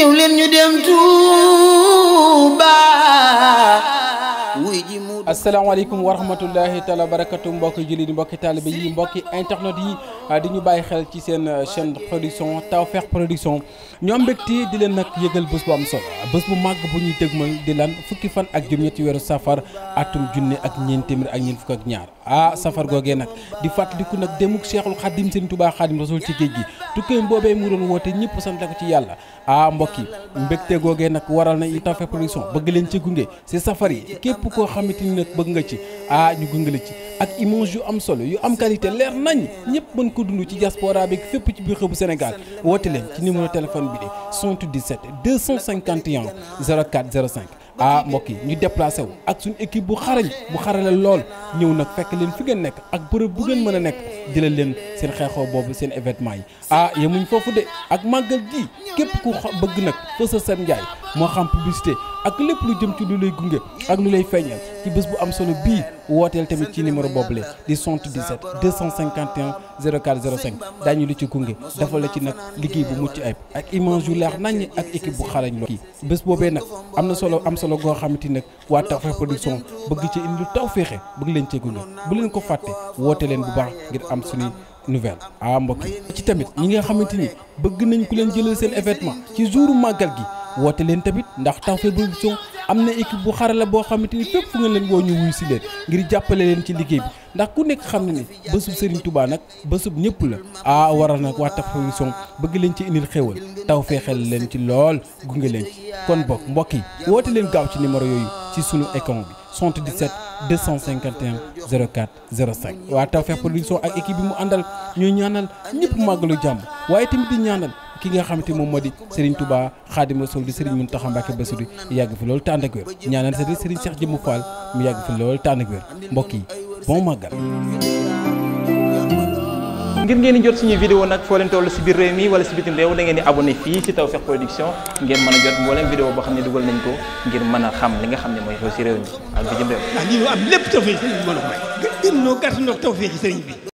ñëw leen ñu dem tuuti asalaamaaleykum wa rahmatullahi taala barakatu mbokki jullit mbokki taalibe yi mbokki internet yi ah, di ñu bàyyi xel ci seen chaîne production Tawfekh production ñoo mbégte di leen nag yëgal bés bu am solo bés bu màgg bu ñuy dëgmal di lan fukki fan ak juróom ci weeru safar atum junne ak ñeent téeméer ak ñeent fukk ak ñaar ah safar googee nag di fàttaliku nag demuk Seexul Xadim Sëriñ Tuubaa Xadim Rasul ci géej gi tukkeem boobee mu doon woote ñëpp sant ko ci yàlla ah mbokk yi mbégte googee nag waral na Tawfekh production bëgg leen ci gunge si safar yi ne bëgg nga ci ah, ñu gunge la ci ak image yu am solo yu am qualité leer nañ ñëpp mën ko dund ci diaspora bi fépp ci biir xëbu Sénégal woote leen ci numéro téléphone bi di 77 251 04 05 ah mbokk yi ñu déplacé wu ak suñu équipe bu xarañ bu xarale lool ñëw nag fekk leen fi ngeen nekk ak bërëb bu ngeen mën a nekk jëlal leen seen xeexoo boobu seen événement yi ah yemuñ foofu de ak màggal gi képp ku bëgg nag fësal seen njaay moo xam publicité ak lépp lu jëm ci lu lay gunge ak lu lay feeñal ci bés bu am solo bii wooteel tamit ci numéro boobule di 77 251 04 05 daañu ci gunge dafa la ci nag liggéey bu mucc ayib ak image yu leer naññ ak équipe bu xarañ loo kii bés boobee nag am na solo am solo goo xamante nag waa Tawfekh Production bëgg ci indi tawféexe bëgg leen ci gunge bu leen ko fàtte woote leen bu baax ngir am suñuy nouvelle ah mbokk ci tamit ñi nga xamante ni bëgg nañ ku leen jëlal seen événement ci jouru màggal gi woote leen tamit am na équipe bu xarala boo xamante ni fépp fu nga leen woo ñu wuyu si leen ngir jàppale leen ci liggéey bi ndax ku nekk xam ne ni bésub Serigne Touba nag bésub ñëpp la ah waral nag waa Tafouisson bëgg leen ci indil xéwal taw feexal leen ci lool gunge leen ci kon bokk mbokk yi woote leen gaaw ci numéro yooyu ci sunu écran bi 77 251 04 05 waa Tawfekh Production ak équipe bi mu àndal ñuy ñaanal ñëpp màggalu jàmm waaye tamit di ñaanal. ki nga xamante moom moo di Serigne Touba Xaadimu Rasuul di Serigne Mountakha Mbacké Bassirou yàgg fi loolu te ànd ak wér ñaanal sa Serigne Cheikh mu yàgg fi loolu te mbokk yi bon màggal. ngir ngeen di jot suñu vidéo nag foo leen toll si biir réew mi wala si bitim réew da ngeen di abonné fii si Tawfekh Production ngeen mën a jot mboolem vidéo boo xam ne dugal nañ ko ngir mën a xam li nga xam ne mooy xew si réew mi ak bitim réew. ndax lii